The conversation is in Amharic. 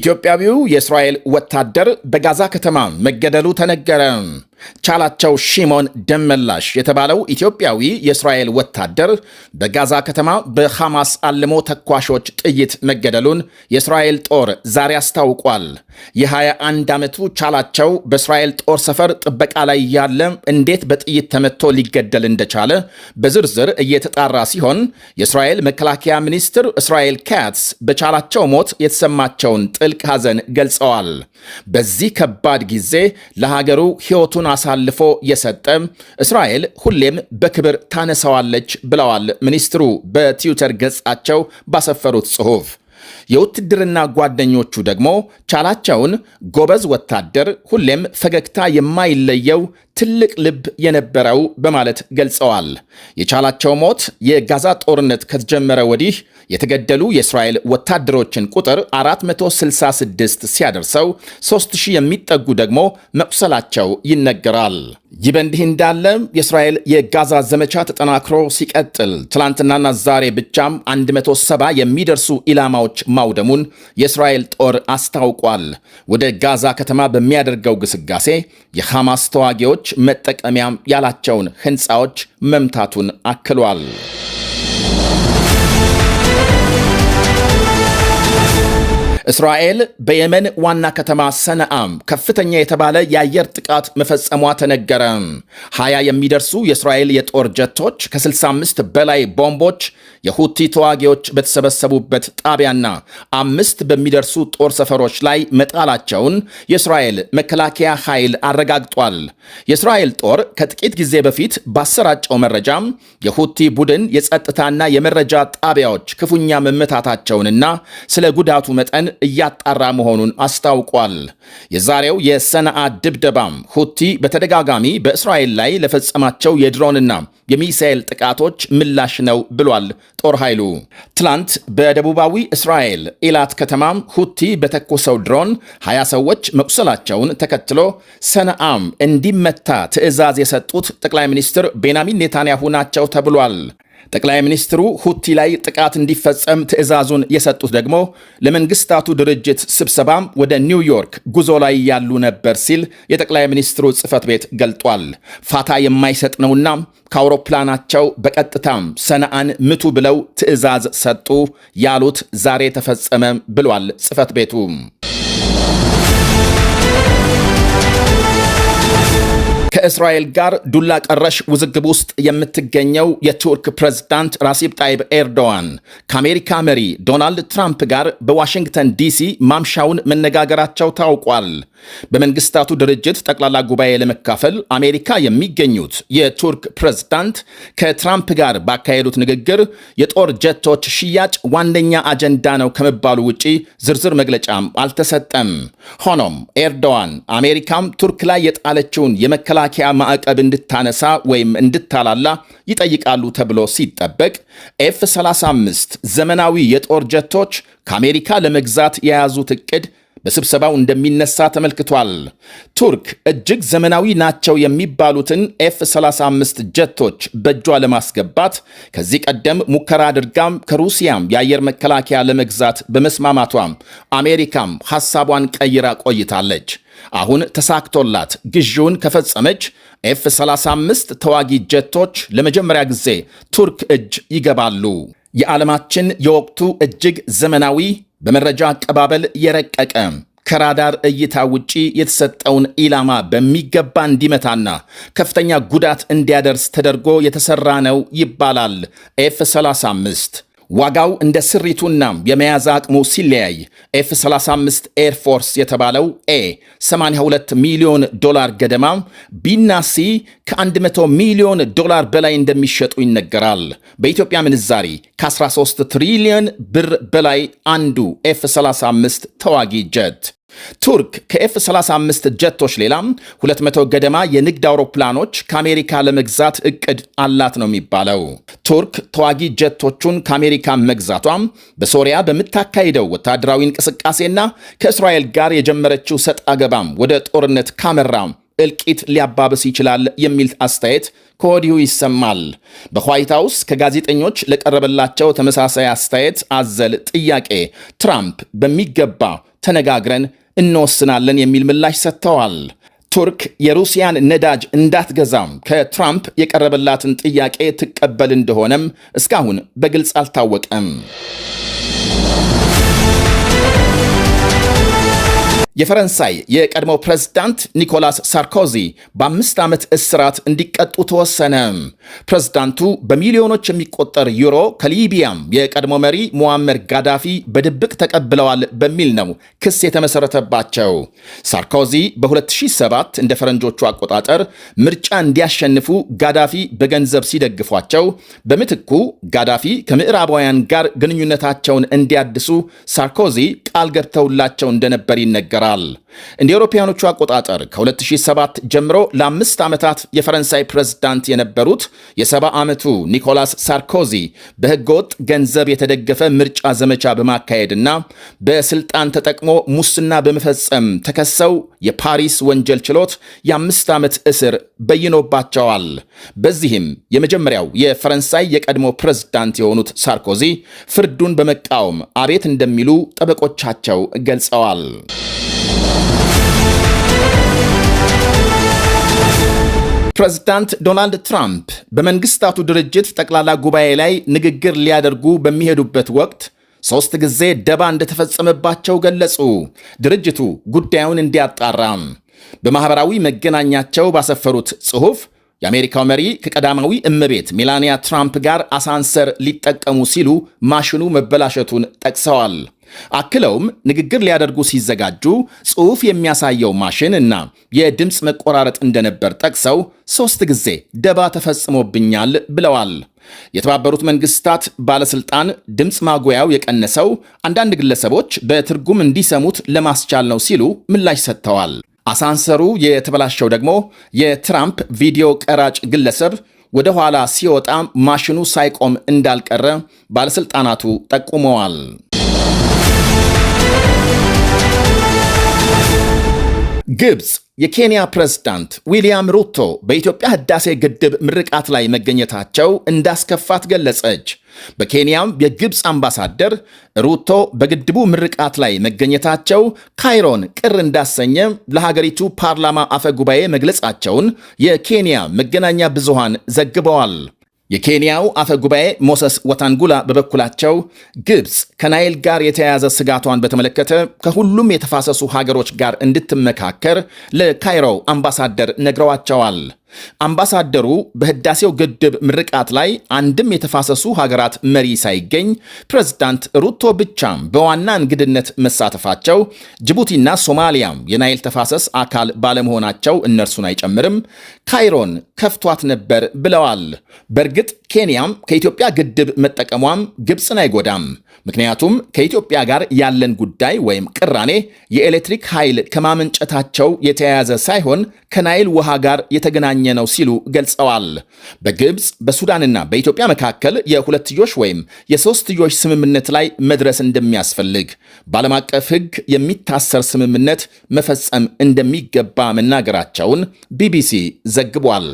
ኢትዮጵያዊው የእስራኤል ወታደር በጋዛ ከተማ መገደሉ ተነገረ። ቻላቸው ሺሞን ደመላሽ የተባለው ኢትዮጵያዊ የእስራኤል ወታደር በጋዛ ከተማ በሐማስ አልሞ ተኳሾች ጥይት መገደሉን የእስራኤል ጦር ዛሬ አስታውቋል። የ21 ዓመቱ ቻላቸው በእስራኤል ጦር ሰፈር ጥበቃ ላይ ያለ እንዴት በጥይት ተመቶ ሊገደል እንደቻለ በዝርዝር እየተጣራ ሲሆን የእስራኤል መከላከያ ሚኒስትር እስራኤል ካትስ በቻላቸው ሞት የተሰማቸውን ጥልቅ ሐዘን ገልጸዋል። በዚህ ከባድ ጊዜ ለሀገሩ ሕይወቱን አሳልፎ የሰጠ እስራኤል ሁሌም በክብር ታነሳዋለች ብለዋል ሚኒስትሩ በትዊተር ገጻቸው ባሰፈሩት ጽሑፍ። የውትድርና ጓደኞቹ ደግሞ ቻላቸውን ጎበዝ ወታደር፣ ሁሌም ፈገግታ የማይለየው ትልቅ ልብ የነበረው በማለት ገልጸዋል። የቻላቸው ሞት የጋዛ ጦርነት ከተጀመረ ወዲህ የተገደሉ የእስራኤል ወታደሮችን ቁጥር 466 ሲያደርሰው 3000 የሚጠጉ ደግሞ መቁሰላቸው ይነገራል። ይህ በእንዲህ እንዳለ የእስራኤል የጋዛ ዘመቻ ተጠናክሮ ሲቀጥል ትላንትናና ዛሬ ብቻም 170 የሚደርሱ ኢላማዎች ማውደሙን የእስራኤል ጦር አስታውቋል። ወደ ጋዛ ከተማ በሚያደርገው ግስጋሴ የሐማስ ተዋጊዎች መጠቀሚያም ያላቸውን ሕንፃዎች መምታቱን አክሏል። እስራኤል በየመን ዋና ከተማ ሰነአም ከፍተኛ የተባለ የአየር ጥቃት መፈጸሟ ተነገረ። ሀያ የሚደርሱ የእስራኤል የጦር ጀቶች ከ65 በላይ ቦምቦች የሁቲ ተዋጊዎች በተሰበሰቡበት ጣቢያና አምስት በሚደርሱ ጦር ሰፈሮች ላይ መጣላቸውን የእስራኤል መከላከያ ኃይል አረጋግጧል። የእስራኤል ጦር ከጥቂት ጊዜ በፊት ባሰራጨው መረጃም የሁቲ ቡድን የጸጥታና የመረጃ ጣቢያዎች ክፉኛ መመታታቸውንና ስለ ጉዳቱ መጠን እያጣራ መሆኑን አስታውቋል። የዛሬው የሰነአ ድብደባም ሁቲ በተደጋጋሚ በእስራኤል ላይ ለፈጸማቸው የድሮንና የሚሳኤል ጥቃቶች ምላሽ ነው ብሏል ጦር ኃይሉ። ትላንት በደቡባዊ እስራኤል ኢላት ከተማም ሁቲ በተኮሰው ድሮን 20 ሰዎች መቁሰላቸውን ተከትሎ ሰነአም እንዲመታ ትዕዛዝ የሰጡት ጠቅላይ ሚኒስትር ቤንያሚን ኔታንያሁ ናቸው ተብሏል። ጠቅላይ ሚኒስትሩ ሁቲ ላይ ጥቃት እንዲፈጸም ትዕዛዙን የሰጡት ደግሞ ለመንግስታቱ ድርጅት ስብሰባም ወደ ኒውዮርክ ጉዞ ላይ ያሉ ነበር ሲል የጠቅላይ ሚኒስትሩ ጽህፈት ቤት ገልጧል። ፋታ የማይሰጥ ነውና ከአውሮፕላናቸው በቀጥታም ሰነአን ምቱ ብለው ትዕዛዝ ሰጡ ያሉት ዛሬ ተፈጸመ ብሏል ጽህፈት ቤቱ። ከእስራኤል ጋር ዱላ ቀረሽ ውዝግብ ውስጥ የምትገኘው የቱርክ ፕሬዝዳንት ራሲብ ጣይብ ኤርዶዋን ከአሜሪካ መሪ ዶናልድ ትራምፕ ጋር በዋሽንግተን ዲሲ ማምሻውን መነጋገራቸው ታውቋል። በመንግስታቱ ድርጅት ጠቅላላ ጉባኤ ለመካፈል አሜሪካ የሚገኙት የቱርክ ፕሬዝዳንት ከትራምፕ ጋር ባካሄዱት ንግግር የጦር ጀቶች ሽያጭ ዋነኛ አጀንዳ ነው ከመባሉ ውጪ ዝርዝር መግለጫም አልተሰጠም። ሆኖም ኤርዶዋን አሜሪካም ቱርክ ላይ የጣለችውን የመከላ መከላከያ ማዕቀብ እንድታነሳ ወይም እንድታላላ ይጠይቃሉ ተብሎ ሲጠበቅ ኤፍ 35 ዘመናዊ የጦር ጀቶች ከአሜሪካ ለመግዛት የያዙት ዕቅድ በስብሰባው እንደሚነሳ ተመልክቷል። ቱርክ እጅግ ዘመናዊ ናቸው የሚባሉትን ኤፍ 35 ጀቶች በእጇ ለማስገባት ከዚህ ቀደም ሙከራ አድርጋም ከሩሲያም የአየር መከላከያ ለመግዛት በመስማማቷም አሜሪካም ሐሳቧን ቀይራ ቆይታለች። አሁን ተሳክቶላት ግዢውን ከፈጸመች ኤፍ 35 ተዋጊ ጀቶች ለመጀመሪያ ጊዜ ቱርክ እጅ ይገባሉ። የዓለማችን የወቅቱ እጅግ ዘመናዊ በመረጃ አቀባበል የረቀቀ ከራዳር እይታ ውጪ የተሰጠውን ኢላማ በሚገባ እንዲመታና ከፍተኛ ጉዳት እንዲያደርስ ተደርጎ የተሰራ ነው ይባላል ኤፍ 35 ዋጋው እንደ ስሪቱና የመያዝ አቅሙ ሲለያይ ኤፍ 35 ኤርፎርስ የተባለው ኤ 82 ሚሊዮን ዶላር ገደማ፣ ቢና ሲ ከ100 ሚሊዮን ዶላር በላይ እንደሚሸጡ ይነገራል። በኢትዮጵያ ምንዛሪ ከ13 ትሪሊዮን ብር በላይ አንዱ ኤፍ 35 ተዋጊ ጀት ቱርክ ከኤፍ 35 ጀቶች ሌላ 200 ገደማ የንግድ አውሮፕላኖች ከአሜሪካ ለመግዛት እቅድ አላት ነው የሚባለው። ቱርክ ተዋጊ ጀቶቹን ከአሜሪካ መግዛቷ በሶሪያ በምታካሂደው ወታደራዊ እንቅስቃሴና ከእስራኤል ጋር የጀመረችው ሰጥ አገባም ወደ ጦርነት ካመራ እልቂት ሊያባብስ ይችላል የሚል አስተያየት ከወዲሁ ይሰማል። በዋይት ሀውስ ከጋዜጠኞች ለቀረበላቸው ተመሳሳይ አስተያየት አዘል ጥያቄ ትራምፕ በሚገባ ተነጋግረን እንወስናለን የሚል ምላሽ ሰጥተዋል። ቱርክ የሩሲያን ነዳጅ እንዳትገዛም ከትራምፕ የቀረበላትን ጥያቄ ትቀበል እንደሆነም እስካሁን በግልጽ አልታወቀም። የፈረንሳይ የቀድሞ ፕሬዝዳንት ኒኮላስ ሳርኮዚ በአምስት ዓመት እስራት እንዲቀጡ ተወሰነ። ፕሬዝዳንቱ በሚሊዮኖች የሚቆጠር ዩሮ ከሊቢያም የቀድሞ መሪ ሙአመር ጋዳፊ በድብቅ ተቀብለዋል በሚል ነው ክስ የተመሰረተባቸው። ሳርኮዚ በ2007 እንደ ፈረንጆቹ አቆጣጠር ምርጫ እንዲያሸንፉ ጋዳፊ በገንዘብ ሲደግፏቸው፣ በምትኩ ጋዳፊ ከምዕራባውያን ጋር ግንኙነታቸውን እንዲያድሱ ሳርኮዚ ቃል ገብተውላቸው እንደነበር ይነገራል። ይናገራል። እንደ አውሮፓውያኖቹ አቆጣጠር ከ2007 ጀምሮ ለአምስት ዓመታት የፈረንሳይ ፕሬዝዳንት የነበሩት የሰባ ዓመቱ ኒኮላስ ሳርኮዚ በህገወጥ ገንዘብ የተደገፈ ምርጫ ዘመቻ በማካሄድና በስልጣን ተጠቅሞ ሙስና በመፈጸም ተከሰው የፓሪስ ወንጀል ችሎት የአምስት ዓመት እስር በይኖባቸዋል። በዚህም የመጀመሪያው የፈረንሳይ የቀድሞ ፕሬዝዳንት የሆኑት ሳርኮዚ ፍርዱን በመቃወም አቤት እንደሚሉ ጠበቆቻቸው ገልጸዋል። ፕሬዝዳንት ዶናልድ ትራምፕ በመንግስታቱ ድርጅት ጠቅላላ ጉባኤ ላይ ንግግር ሊያደርጉ በሚሄዱበት ወቅት ሦስት ጊዜ ደባ እንደተፈጸመባቸው ገለጹ። ድርጅቱ ጉዳዩን እንዲያጣራም በማኅበራዊ መገናኛቸው ባሰፈሩት ጽሑፍ የአሜሪካው መሪ ከቀዳማዊ እመቤት ሜላንያ ትራምፕ ጋር አሳንሰር ሊጠቀሙ ሲሉ ማሽኑ መበላሸቱን ጠቅሰዋል። አክለውም ንግግር ሊያደርጉ ሲዘጋጁ ጽሑፍ የሚያሳየው ማሽን እና የድምፅ መቆራረጥ እንደነበር ጠቅሰው ሦስት ጊዜ ደባ ተፈጽሞብኛል ብለዋል። የተባበሩት መንግስታት ባለስልጣን ድምፅ ማጉያው የቀነሰው አንዳንድ ግለሰቦች በትርጉም እንዲሰሙት ለማስቻል ነው ሲሉ ምላሽ ሰጥተዋል። አሳንሰሩ የተበላሸው ደግሞ የትራምፕ ቪዲዮ ቀራጭ ግለሰብ ወደ ኋላ ሲወጣ ማሽኑ ሳይቆም እንዳልቀረ ባለሥልጣናቱ ጠቁመዋል። ግብፅ የኬንያ ፕሬዝዳንት ዊልያም ሩቶ በኢትዮጵያ ህዳሴ ግድብ ምርቃት ላይ መገኘታቸው እንዳስከፋት ገለጸች። በኬንያም የግብፅ አምባሳደር ሩቶ በግድቡ ምርቃት ላይ መገኘታቸው ካይሮን ቅር እንዳሰኘ ለሀገሪቱ ፓርላማ አፈ ጉባኤ መግለጻቸውን የኬንያ መገናኛ ብዙሃን ዘግበዋል። የኬንያው አፈ ጉባኤ ሞሰስ ወታንጉላ በበኩላቸው ግብፅ ከናይል ጋር የተያያዘ ስጋቷን በተመለከተ ከሁሉም የተፋሰሱ ሀገሮች ጋር እንድትመካከር ለካይሮው አምባሳደር ነግረዋቸዋል። አምባሳደሩ በህዳሴው ግድብ ምርቃት ላይ አንድም የተፋሰሱ ሀገራት መሪ ሳይገኝ ፕሬዝዳንት ሩቶ ብቻም በዋና እንግድነት መሳተፋቸው ጅቡቲና ሶማሊያም የናይል ተፋሰስ አካል ባለመሆናቸው እነርሱን አይጨምርም ካይሮን ከፍቷት ነበር ብለዋል። በእርግጥ ኬንያም ከኢትዮጵያ ግድብ መጠቀሟም ግብፅን አይጎዳም። ምክንያቱም ከኢትዮጵያ ጋር ያለን ጉዳይ ወይም ቅራኔ የኤሌክትሪክ ኃይል ከማመንጨታቸው የተያያዘ ሳይሆን ከናይል ውሃ ጋር የተገናኘ የተገናኘ ነው ሲሉ ገልጸዋል። በግብፅ በሱዳንና በኢትዮጵያ መካከል የሁለትዮሽ ወይም የሶስትዮሽ ስምምነት ላይ መድረስ እንደሚያስፈልግ በዓለም አቀፍ ሕግ የሚታሰር ስምምነት መፈጸም እንደሚገባ መናገራቸውን ቢቢሲ ዘግቧል።